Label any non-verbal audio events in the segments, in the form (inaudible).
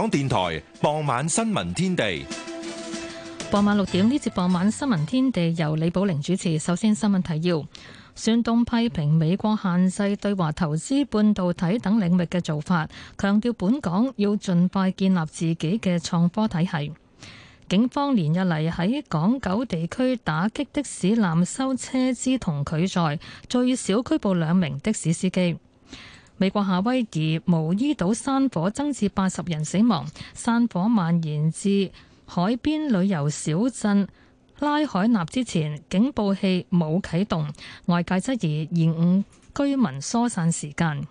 港電台傍晚新聞天地，傍晚六點呢節傍晚新聞天地由李寶玲主持。首先新聞提要：孫東批評美國限制對華投資半導體等領域嘅做法，強調本港要盡快建立自己嘅創科體系。警方連日嚟喺港九地區打擊的士濫收車資同拒載，最少拘捕兩名的士司機。美國夏威夷茂宜島山火增至八十人死亡，山火蔓延至海邊旅遊小鎮拉海納之前，警報器冇啟動，外界質疑延誤居民疏散時間。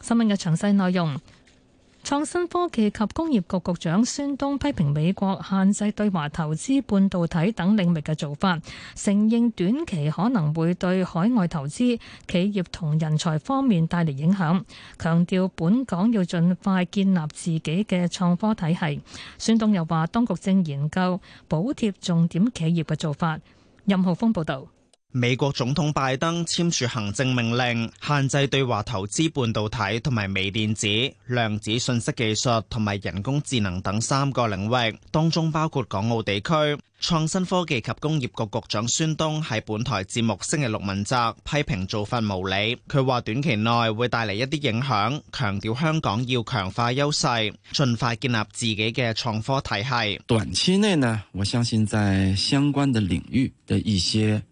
新聞嘅詳細內容。創新科技及工業局局長孫東批評美國限制對華投資半導體等領域嘅做法，承認短期可能會對海外投資、企業同人才方面帶嚟影響，強調本港要盡快建立自己嘅創科體系。孫東又話，當局正研究補貼重點企業嘅做法。任浩峰報道。美國總統拜登簽署行政命令，限制對華投資半導體、同埋微電子、量子信息技術同埋人工智能等三個領域，當中包括港澳地區。創新科技及工業局局局長孫東喺本台節目星期六問責，批評做法無理。佢話短期內會帶嚟一啲影響，強調香港要強化優勢，盡快建立自己嘅創科體系。短期內呢，我相信在相關的領域的一些。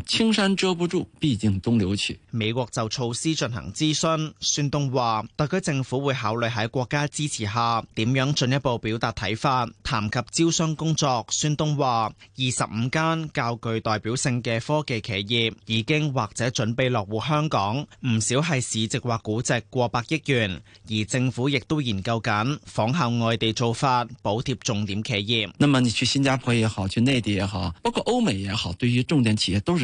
青山遮不住，畢竟東流去。美國就措施進行諮詢，孫東話特區政府會考慮喺國家支持下點樣進一步表達睇法。談及招商工作，孫東話二十五間較具代表性嘅科技企業已經或者準備落戶香港，唔少係市值或估值過百億元，而政府亦都研究緊仿效外地做法，補貼重點企業。那麼你去新加坡也好，去內地也好，包括歐美也好，對於重點企業都是。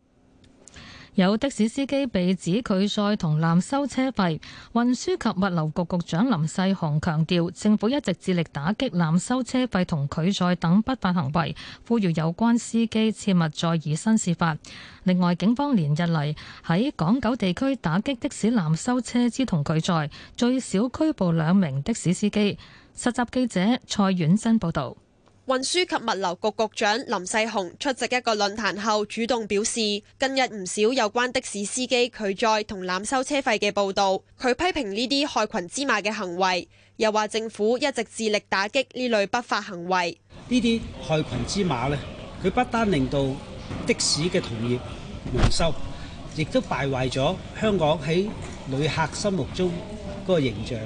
有的士司機被指拒載同濫收車費，運輸及物流局局長林世雄強調，政府一直致力打擊濫收車費同拒載等不法行為，呼籲有關司機切勿再以身試法。另外，警方連日嚟喺港九地區打擊的士濫收車資同拒載，最少拘捕兩名的士司機。實習記者蔡婉珍報導。運輸及物流局局長林世雄出席一個論壇後，主動表示，近日唔少有關的士司機拒載同濫收車費嘅報道，佢批評呢啲害群之馬嘅行為，又話政府一直致力打擊呢類不法行為。呢啲害群之馬呢，佢不單令到的士嘅同業蒙羞，亦都敗壞咗香港喺旅客心目中嗰個形象。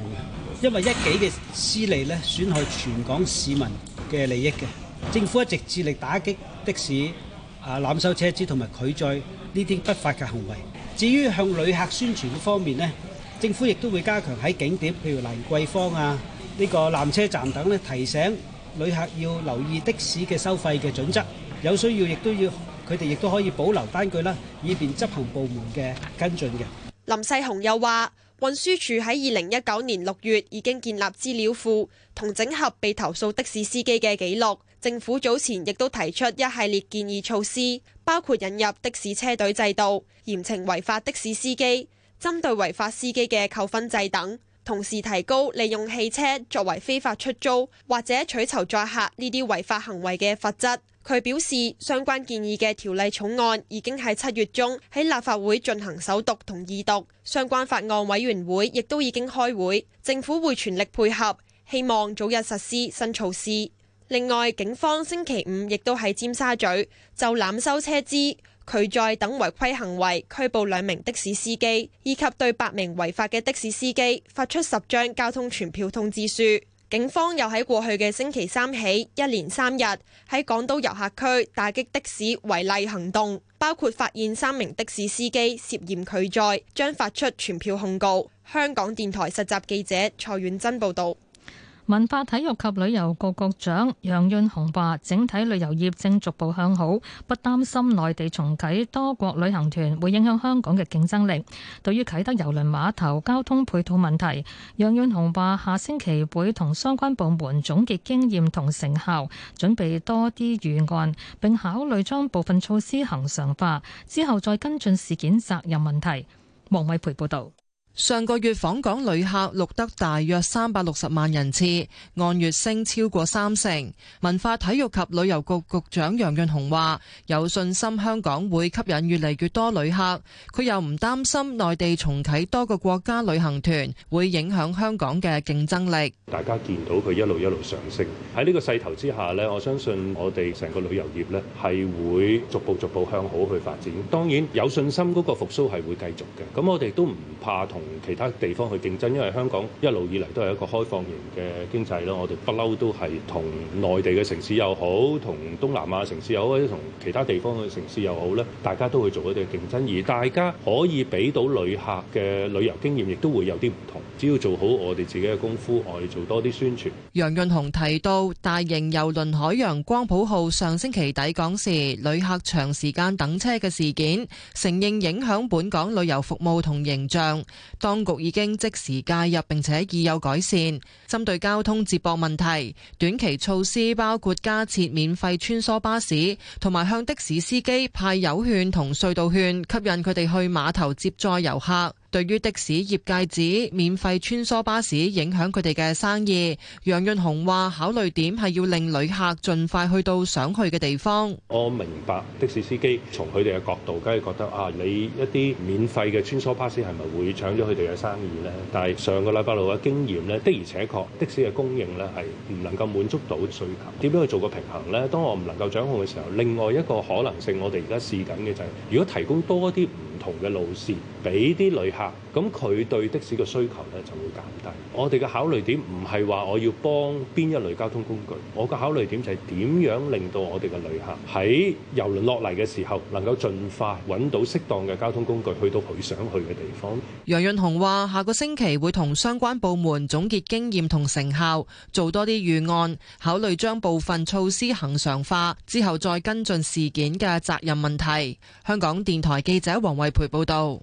因為一己嘅私利呢，損害全港市民，嘅利益嘅，政府一直致力打擊的士啊濫收車資同埋拒載呢啲不法嘅行為。至於向旅客宣傳嘅方面咧，政府亦都會加強喺景點，譬如蘭桂坊啊、呢個纜車站等咧，提醒旅客要留意的士嘅收費嘅準則。有需要亦都要佢哋亦都可以保留單據啦，以便執行部門嘅跟進嘅。林世雄又話。運輸署喺二零一九年六月已經建立資料庫同整合被投訴的士司機嘅記錄，政府早前亦都提出一系列建議措施，包括引入的士車隊制度、嚴懲違法的士司機、針對違法司機嘅扣分制等。同時提高利用汽車作為非法出租或者取酬載客呢啲違法行為嘅罰則。佢表示相關建議嘅條例草案已經喺七月中喺立法會進行首讀同二讀，相關法案委員會亦都已經開會，政府會全力配合，希望早日實施新措施。另外，警方星期五亦都喺尖沙咀就濫收車資，拒載等違規行為，拘捕兩名的士司機，以及對八名違法嘅的，的士司機發出十張交通傳票通知書。警方又喺過去嘅星期三起一連三日喺港島遊客區打擊的士違例行動，包括發現三名的士司機涉嫌拒載，將發出傳票控告。香港電台實習記者蔡婉珍報道。文化體育及旅遊局局長楊潤雄話：整體旅遊業正逐步向好，不擔心內地重啟多國旅行團會影響香港嘅競爭力。對於啟德郵輪碼頭交通配套問題，楊潤雄話：下星期會同相關部門總結經驗同成效，準備多啲預案，並考慮將部分措施恒常化，之後再跟進事件責任問題。王偉培報導。上個月訪港旅客錄得大約三百六十萬人次，按月升超過三成。文化體育及旅遊局局長楊潤雄話：有信心香港會吸引越嚟越多旅客，佢又唔擔心內地重啟多個國家旅行團會影響香港嘅競爭力。大家見到佢一路一路上升，喺呢個勢頭之下咧，我相信我哋成個旅遊業咧係會逐步逐步向好去發展。當然有信心嗰個復甦係會繼續嘅，咁我哋都唔怕同同其他地方去競爭，因為香港一路以嚟都係一個開放型嘅經濟啦，我哋不嬲都係同內地嘅城市又好，同東南亞城市又好，或者同其他地方嘅城市又好咧，大家都會做一啲競爭，而大家可以俾到旅客嘅旅遊經驗，亦都會有啲唔同。只要做好我哋自己嘅功夫，我哋做多啲宣傳。楊潤雄提到大型郵輪海洋光譜號上星期抵港時，旅客長時間等車嘅事件，承認影響本港旅遊服務同形象。當局已經即時介入，並且已有改善。針對交通接駁問題，短期措施包括加設免費穿梭巴士，同埋向的士司機派油券同隧道券，吸引佢哋去碼頭接載遊客。對於的士業界指免費穿梭巴士影響佢哋嘅生意，楊潤雄話：考慮點係要令旅客盡快去到想去嘅地方。我明白的士司機從佢哋嘅角度，梗係覺得啊，你一啲免費嘅穿梭巴士係咪會搶咗佢哋嘅生意呢？但係上個禮拜六嘅經驗呢，的而且確，的士嘅供應呢係唔能夠滿足到需求。點樣去做個平衡呢？當我唔能夠掌控嘅時候，另外一個可能性我哋而家試緊嘅就係，如果提供多一啲唔同嘅路綫，俾啲旅客。咁佢對的士嘅需求咧就會減低。我哋嘅考慮點唔係話我要幫邊一類交通工具，我嘅考慮點就係點樣令到我哋嘅旅客喺郵輪落嚟嘅時候能夠盡快揾到適當嘅交通工具去到佢想去嘅地方。楊潤雄話：下個星期會同相關部門總結經驗同成效，做多啲預案，考慮將部分措施恒常化，之後再跟進事件嘅責任問題。香港電台記者黃惠培報道。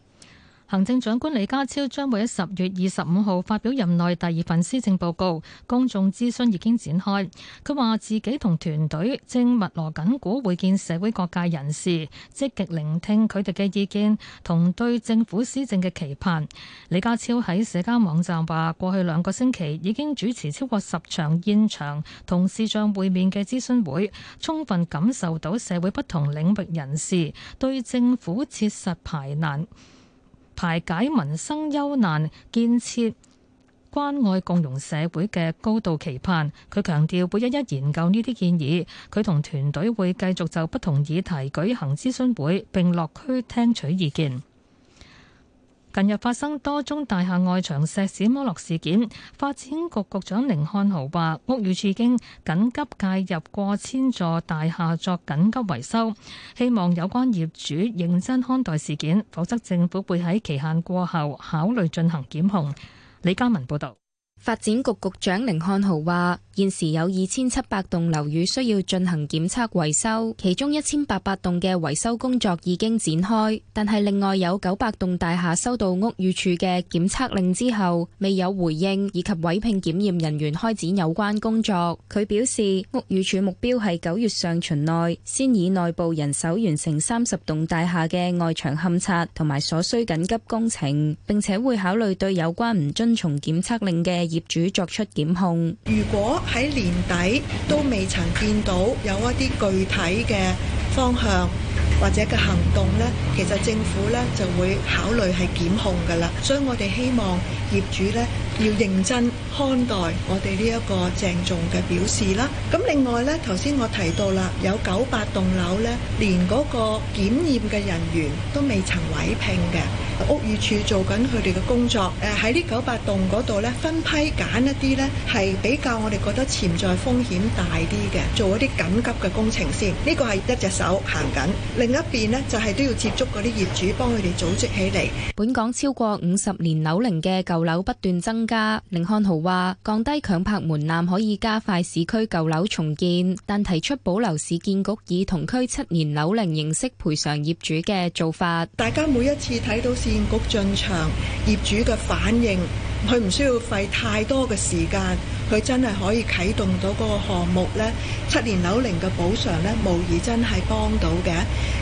行政長官李家超將會喺十月二十五號發表任內第二份施政報告，公眾諮詢已經展開。佢話自己同團隊正密鑼緊鼓會見社會各界人士，積極聆聽佢哋嘅意見同對政府施政嘅期盼。李家超喺社交網站話：過去兩個星期已經主持超過十場現場同視像會面嘅諮詢會，充分感受到社會不同領域人士對政府切實排難排解民生憂難、建設關愛共融社會嘅高度期盼，佢強調會一一研究呢啲建議。佢同團隊會繼續就不同議題舉行諮詢會，並落區聽取意見。近日發生多宗大廈外牆石屎剝落事件，發展局局長甯漢豪話：屋宇署經緊急介入過千座大廈作緊急維修，希望有關業主認真看待事件，否則政府會喺期限過後考慮進行檢控。李嘉文報導。發展局局長甯漢豪話：現時有二千七百棟樓宇需要進行檢測維修，其中一千八百棟嘅維修工作已經展開，但係另外有九百棟大廈收到屋宇署嘅檢測令之後，未有回應以及委聘檢驗人員開展有關工作。佢表示，屋宇署目標係九月上旬內先以內部人手完成三十棟大廈嘅外牆勘察同埋所需緊急工程，並且會考慮對有關唔遵從檢測令嘅。業主作出檢控。如果喺年底都未曾見到有一啲具體嘅方向或者嘅行動呢，其實政府呢就會考慮係檢控㗎啦。所以我哋希望業主呢要認真看待我哋呢一個鄭重嘅表示啦。咁另外呢，頭先我提到啦，有九百棟樓呢，連嗰個檢驗嘅人員都未曾委聘嘅，屋宇署做緊佢哋嘅工作。誒喺呢九百棟嗰度呢，分批揀一啲呢係比較我哋覺得潛在風險大啲嘅，做一啲緊急嘅工程先。呢、這個係一隻手行緊。另一邊呢，就係都要接觸嗰啲業主，幫佢哋組織起嚟。本港超過五十年樓齡嘅舊樓不斷增加，凌漢豪話：降低強拍門檻可以加快市區舊樓重建，但提出保留市建局以同區七年樓齡形式賠償業主嘅做法。大家每一次睇到市建局進場，業主嘅反應。佢唔需要費太多嘅時間，佢真係可以啟動到嗰個項目呢，七年樓齡嘅補償呢，無疑真係幫到嘅。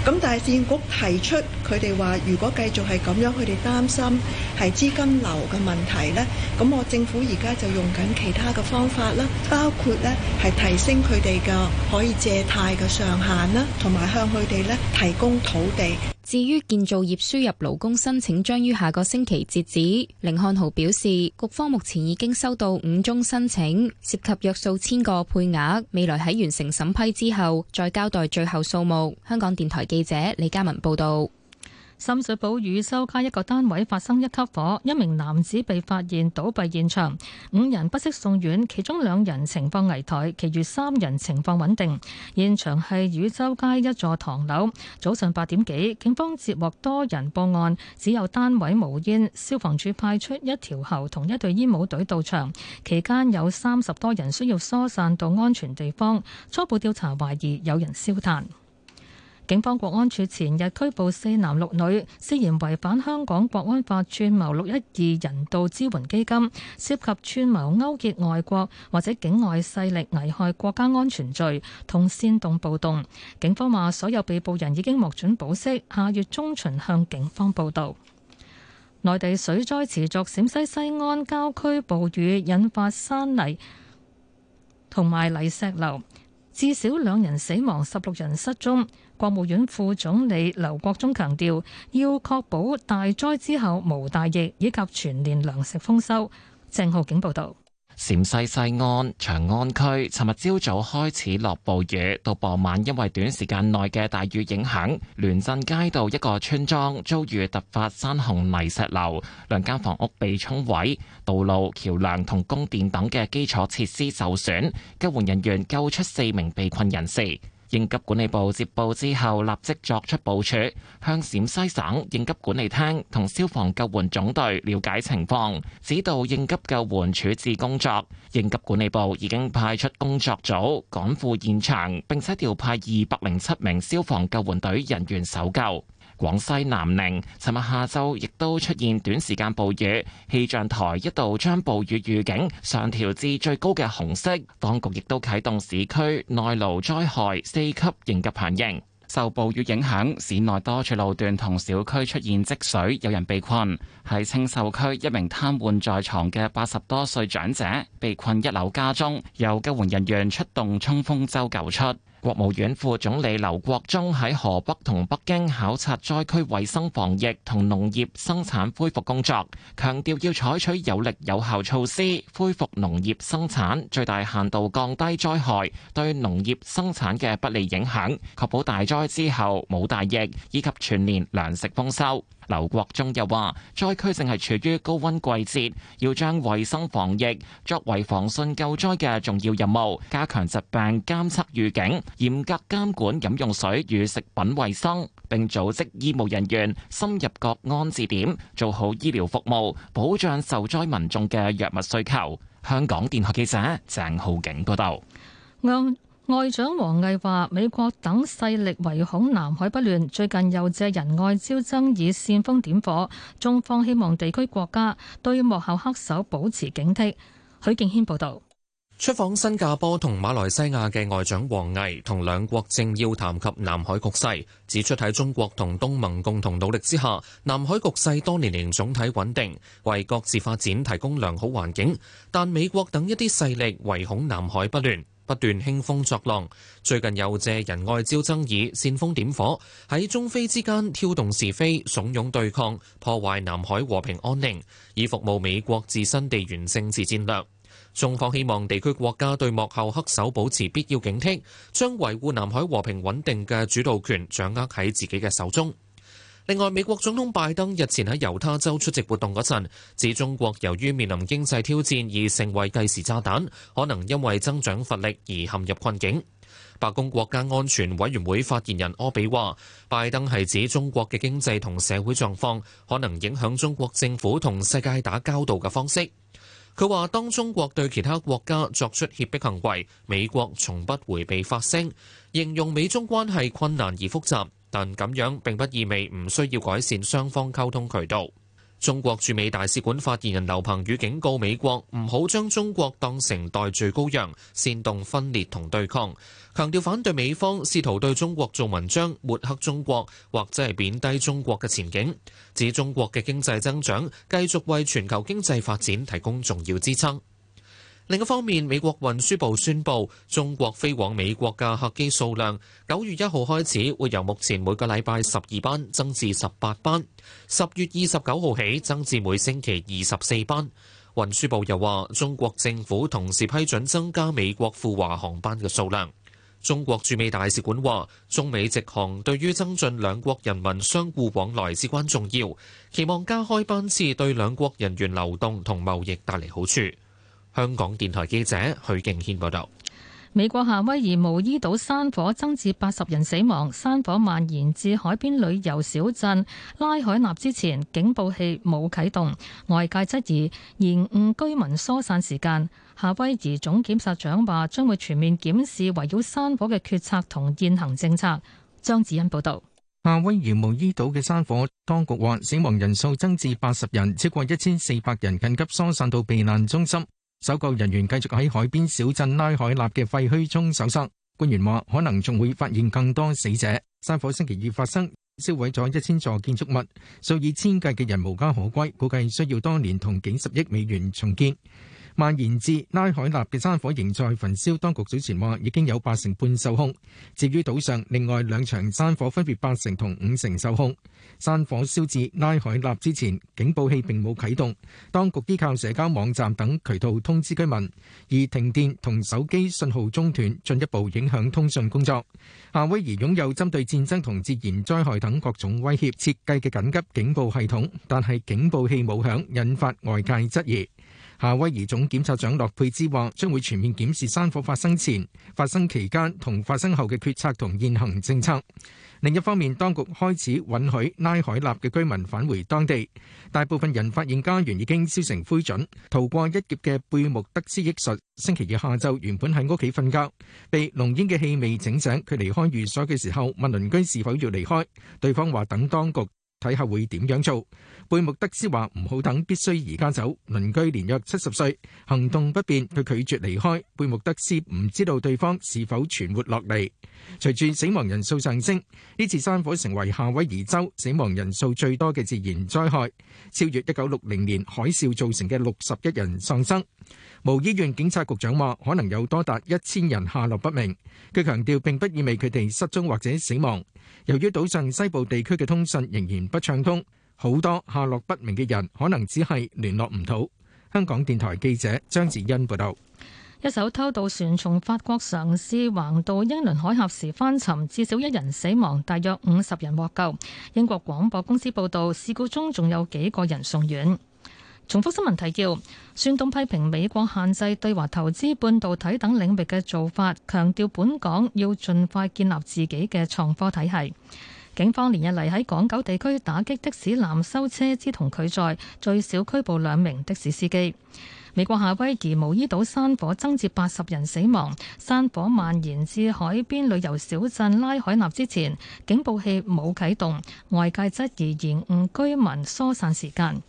咁但係市建局提出佢哋話，如果繼續係咁樣，佢哋擔心係資金流嘅問題呢，咁我政府而家就用緊其他嘅方法啦，包括呢係提升佢哋嘅可以借貸嘅上限啦，同埋向佢哋呢提供土地。至於建造業輸入勞工申請將於下個星期截止。甯漢豪表示，局方目前已經收到五宗申請，涉及約數千個配額。未來喺完成審批之後，再交代最後數目。香港電台記者李嘉文報道。深水埗汝州街一個單位發生一級火，一名男子被發現倒斃現場，五人不適送院，其中兩人情況危殆，其餘三人情況穩定。現場係汝州街一座唐樓，早上八點幾，警方接獲多人報案，只有單位冒煙，消防處派出一條喉同一隊煙帽隊到場，期間有三十多人需要疏散到安全地方。初步調查懷疑有人燒炭。警方國安處前日拘捕四男六女，涉嫌違反香港國安法串謀六一二人道支援基金，涉及串謀勾結外國或者境外勢力危害國家安全罪同煽動暴動。警方話所有被捕人已經獲准保釋，下月中旬向警方報到。內地水災持續，陝西西安郊區暴雨引發山泥同埋泥石流。至少兩人死亡，十六人失蹤。國務院副總理劉國中強調，要確保大災之後無大疫，以及全年糧食豐收。鄭浩景報道。陝西西安長安區，尋日朝早開始落暴雨，到傍晚因為短時間內嘅大雨影響，聯鎮街道一個村莊遭遇突發山洪泥石流，兩間房屋被沖毀，道路、橋樑同供電等嘅基礎設施受損，救援人員救出四名被困人士。應急管理部接報之後，立即作出部署，向陝西省應急管理廳同消防救援總隊了解情況，指導應急救援處置工作。應急管理部已經派出工作組趕赴現場，並且調派二百零七名消防救援隊人員搜救。廣西南寧，尋日下晝亦都出現短時間暴雨，氣象台一度將暴雨預警上調至最高嘅紅色，當局亦都啟動市區內澇災害四級應急響應。受暴雨影響，市內多處路段同小區出現積水，有人被困。喺青秀區，一名癱瘓在床嘅八十多歲長者被困一樓家中，有救援人員出動衝鋒舟救出。國務院副總理劉國中喺河北同北京考察災區衛生防疫同農業生產恢復工作，強調要採取有力有效措施，恢復農業生產，最大限度降低災害對農業生產嘅不利影響，確保大災之後冇大疫，以及全年糧食豐收。劉國中又話：災區正係處於高温季節，要將衛生防疫作為防汛救災嘅重要任務，加強疾病監測預警，嚴格監管飲用水與食品衛生，並組織醫務人員深入各安置點，做好醫療服務，保障受災民衆嘅藥物需求。香港電台記者鄭浩景報道。外長王毅話：美國等勢力唯恐南海不亂，最近又借仁愛礁之爭以煽風點火。中方希望地區國家對幕後黑手保持警惕。許敬軒報道：出訪新加坡同馬來西亞嘅外長王毅同兩國政要談及南海局勢，指出喺中國同東盟共同努力之下，南海局勢多年嚟總體穩定，為各自發展提供良好環境。但美國等一啲勢力唯恐南海不亂。不斷興風作浪，最近又借仁愛礁爭議煽風點火，喺中菲之間挑動是非、慫恿對抗、破壞南海和平安寧，以服務美國自身地緣政治戰略。中方希望地區國家對幕後黑手保持必要警惕，將維護南海和平穩定嘅主導權掌握喺自己嘅手中。另外，美國總統拜登日前喺猶他州出席活動嗰陣，指中國由於面臨經濟挑戰而成為計時炸彈，可能因為增長乏力而陷入困境。白宮國家安全委員會發言人柯比話：拜登係指中國嘅經濟同社會狀況可能影響中國政府同世界打交道嘅方式。佢話：當中國對其他國家作出脅迫行為，美國從不迴避發聲，形容美中關係困難而複雜。但咁樣並不意味唔需要改善雙方溝通渠道。中國駐美大使館發言人劉鵬宇警告美國唔好將中國當成代罪羔羊，煽動分裂同對抗，強調反對美方試圖對中國做文章、抹黑中國，或者係貶低中國嘅前景。指中國嘅經濟增長繼續為全球經濟發展提供重要支撐。另一方面，美國運輸部宣布，中國飛往美國嘅客機數量九月一號開始會由目前每個禮拜十二班增至十八班。十月二十九號起增至每星期二十四班。運輸部又話，中國政府同時批准增加美國赴華航班嘅數量。中國駐美大使館話，中美直航對於增進兩國人民相互往來至關重要，期望加開班次對兩國人員流動同貿易帶嚟好處。香港電台記者許敬軒報道：美國夏威夷毛伊島山火增至八十人死亡，山火蔓延至海邊旅遊小鎮拉海納之前，警報器冇啟動，外界質疑延誤居民疏散時間。夏威夷總檢察長話將會全面檢視圍繞山火嘅決策同現行政策。張子欣報道：夏威夷毛伊島嘅山火，當局話死亡人數增至八十人，超過一千四百人緊急疏散到避難中心。搜救人員繼續喺海邊小鎮拉海納嘅廢墟中搜索。官員話，可能仲會發現更多死者。山火星期二發生，燒毀咗一千座建築物，數以千計嘅人無家可歸，估計需要多年同幾十億美元重建。蔓延至拉海納嘅山火仍在焚燒，當局早前話已經有八成半受控。至於島上另外兩場山火，分別八成同五成受控。山火燒至拉海納之前，警報器並冇啟動，當局依靠社交網站等渠道通知居民。而停電同手機信號中斷，進一步影響通訊工作。夏威夷擁有針對戰爭同自然災害等各種威脅設計嘅緊急警報系統，但係警報器冇響，引發外界質疑。夏威夷總檢察長洛佩茲話：將會全面檢視山火發生前、發生期間同發生後嘅決策同現行政策。另一方面，當局開始允許拉海納嘅居民返回當地。大部分人發現家園已經燒成灰燼。逃過一劫嘅貝穆德斯憶述：星期二下晝原本喺屋企瞓覺，被濃煙嘅氣味整醒。佢離開寓所嘅時候，問鄰居是否要離開，對方話等當局。睇下會點樣做。貝穆德斯話唔好等，必須而家走。鄰居年約七十歲，行動不便，佢拒絕離開。貝穆德斯唔知道對方是否存活落嚟。隨住死亡人數上升，呢次山火成為夏威夷州死亡人數最多嘅自然災害，超越一九六零年海嘯造成嘅六十一人喪生。無醫院、警察局長話，可能有多達一千人下落不明。佢強調並不意味佢哋失蹤或者死亡。由於島上西部地區嘅通訊仍然不暢通，好多下落不明嘅人可能只係聯絡唔到。香港電台記者張子欣報導：一艘偷渡船從法國上斯橫渡英倫海峽時翻沉，至少一人死亡，大約五十人獲救。英國廣播公司報導，事故中仲有幾個人送院。重複新聞提要。孫東批評美國限制對華投資半導體等領域嘅做法，強調本港要盡快建立自己嘅創科體系。警方連日嚟喺港九地區打擊的士濫收車資同拒載，最少拘捕兩名的士司機。美國夏威夷毛伊島山火增至八十人死亡，山火蔓延至海邊旅遊小鎮拉海納之前，警報器冇啟動，外界質疑延誤居民疏散時間。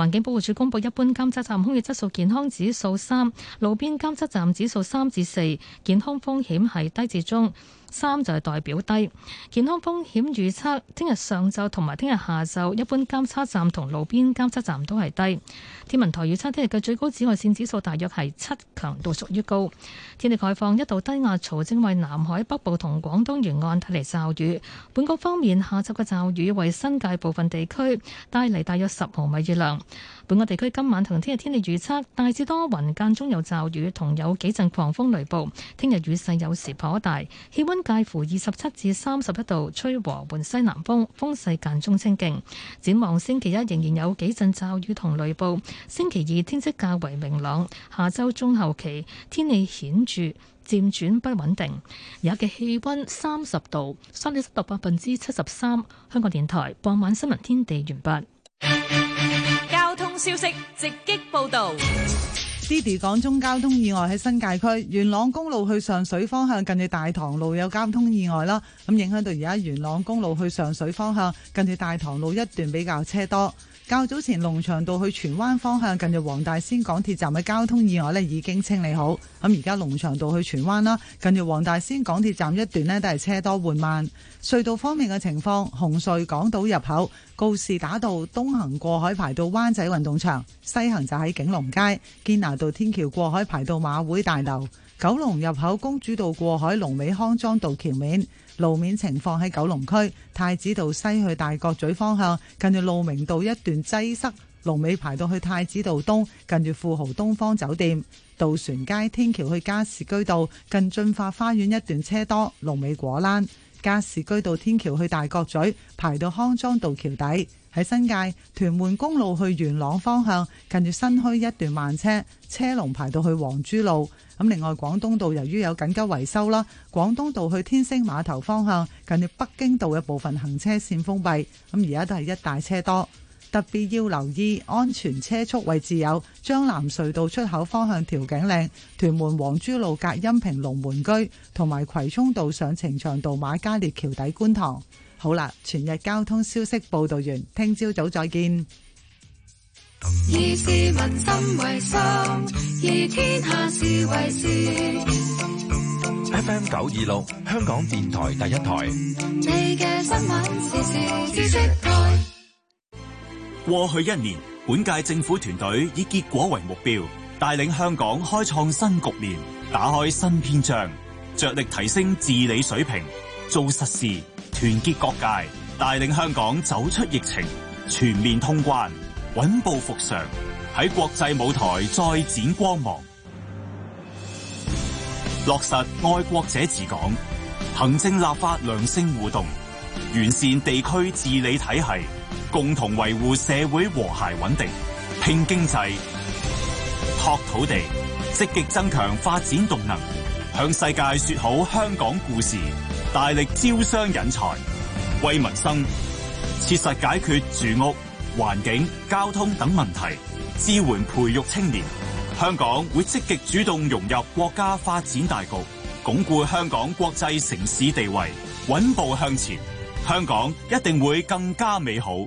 環境保護署公佈，一般監測站空氣質素健康指數三，路邊監測站指數三至四，健康風險係低至中。三就係代表低健康風險預測，聽日上晝同埋聽日下晝，一般監測站同路邊監測站都係低。天文台預測聽日嘅最高紫外線指數大約係七，強度屬於高。天氣概況，一道低壓槽正為南海北部同廣東沿岸帶嚟驟雨，本港方面下晝嘅驟雨為新界部分地區帶嚟大約十毫米雨量。本港地區今晚同聽日天氣預測大致多雲間中有驟雨同有幾陣狂風雷暴，聽日雨勢有時頗大，氣温介乎二十七至三十一度，吹和緩西南風，風勢間中清勁。展望星期一仍然有幾陣驟雨同雷暴，星期二天色較為明朗，下周中後期天氣顯著漸轉不穩定，也嘅氣温三十度，濕度百分之七十三。香港電台傍晚新聞天地完畢。 (music) 消息直擊報道，滴滴廣中，交通意外喺新界區元朗公路去上水方向，近住大棠路有交通意外啦。咁影響到而家元朗公路去上水方向，近住大棠路一段比較車多。較早前龍翔道去荃灣方向，近住黃大仙港鐵站嘅交通意外呢已經清理好。咁而家龍翔道去荃灣啦，近住黃大仙港鐵站一段呢都係車多緩慢。隧道方面嘅情況，紅隧港島入口。告士打道東行過海排到灣仔運動場，西行就喺景隆街堅拿道天橋過海排到馬會大樓。九龍入口公主道過海龍尾康莊道橋面路面情況喺九龍區太子道西去大角咀方向近住路明道一段擠塞，龍尾排到去太子道東近住富豪東方酒店。渡船街天橋去加士居道近駿發花園一段車多，龍尾果欄。加士居道天橋去大角咀排到康莊道橋底，喺新界屯門公路去元朗方向近住新墟一段慢車，車龍排到去黃珠路。咁另外廣東道由於有緊急維修啦，廣東道去天星碼頭方向近住北京道嘅部分行車線封閉，咁而家都係一大車多。特別要留意安全車速位置，有將藍隧道出口方向調景嶺、屯門黃珠路隔音屏龍門居同埋葵涌道、上呈祥道瑪嘉烈橋底、觀塘。好啦，全日交通消息報道完，聽朝早再見。以市民心為心，以天下事為事。F.M. 九二六香港電台第一台。過去一年，本屆政府團隊以結果為目標，帶領香港開創新局面、打開新篇章，着力提升治理水平，做實事，團結各界，帶領香港走出疫情，全面通關，穩步復常，喺國際舞台再展光芒。落實愛國者治港，行政立法良性互動，完善地區治理體系。共同維護社會和諧穩定，拼經濟、拓土地，積極增強發展動能，向世界說好香港故事，大力招商引才，為民生切實解決住屋、環境、交通等問題，支援培育青年。香港會積極主動融入國家發展大局，鞏固香港國際城市地位，穩步向前。香港一定會更加美好。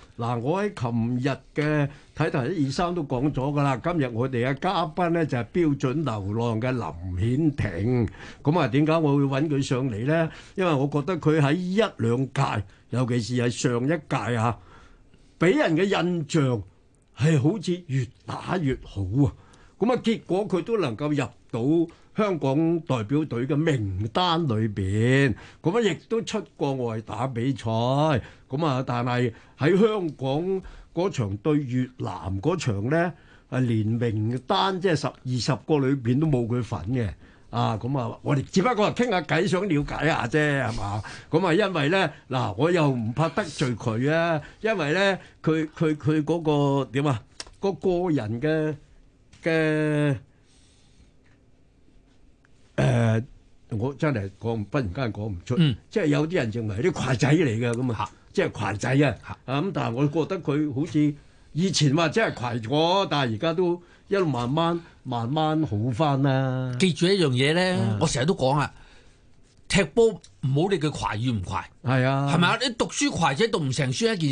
嗱，我喺琴日嘅睇頭一、二、三都講咗噶啦。今日我哋嘅嘉賓呢就係標準流浪嘅林顯庭。咁啊，點解我會揾佢上嚟呢？因為我覺得佢喺一兩屆，尤其是係上一屆啊，俾人嘅印象係好似越打越好啊。咁啊，結果佢都能夠入到。香港代表隊嘅名單裏邊，咁啊亦都出過外打比賽，咁啊但係喺香港嗰場對越南嗰場呢，啊連名單即係十二十個裏邊都冇佢份嘅，啊咁啊我哋只不過係傾下偈，想了解一下啫，係嘛？咁啊因為呢，嗱，我又唔怕得罪佢啊，因為呢，佢佢佢嗰個點啊個個人嘅嘅。誒，嗯、我真係講，忽然間講唔出，嗯、即係有啲人認為啲攜仔嚟嘅咁啊，即係攜仔啊，吓、啊、咁，但係我覺得佢好似以前話真係攜咗，但係而家都一路慢慢慢慢好翻啦、啊。記住一樣嘢咧，嗯、我成日都講啊，踢波唔好理佢攜與唔攜係啊，係咪啊？你讀書攜仔讀唔成書一件。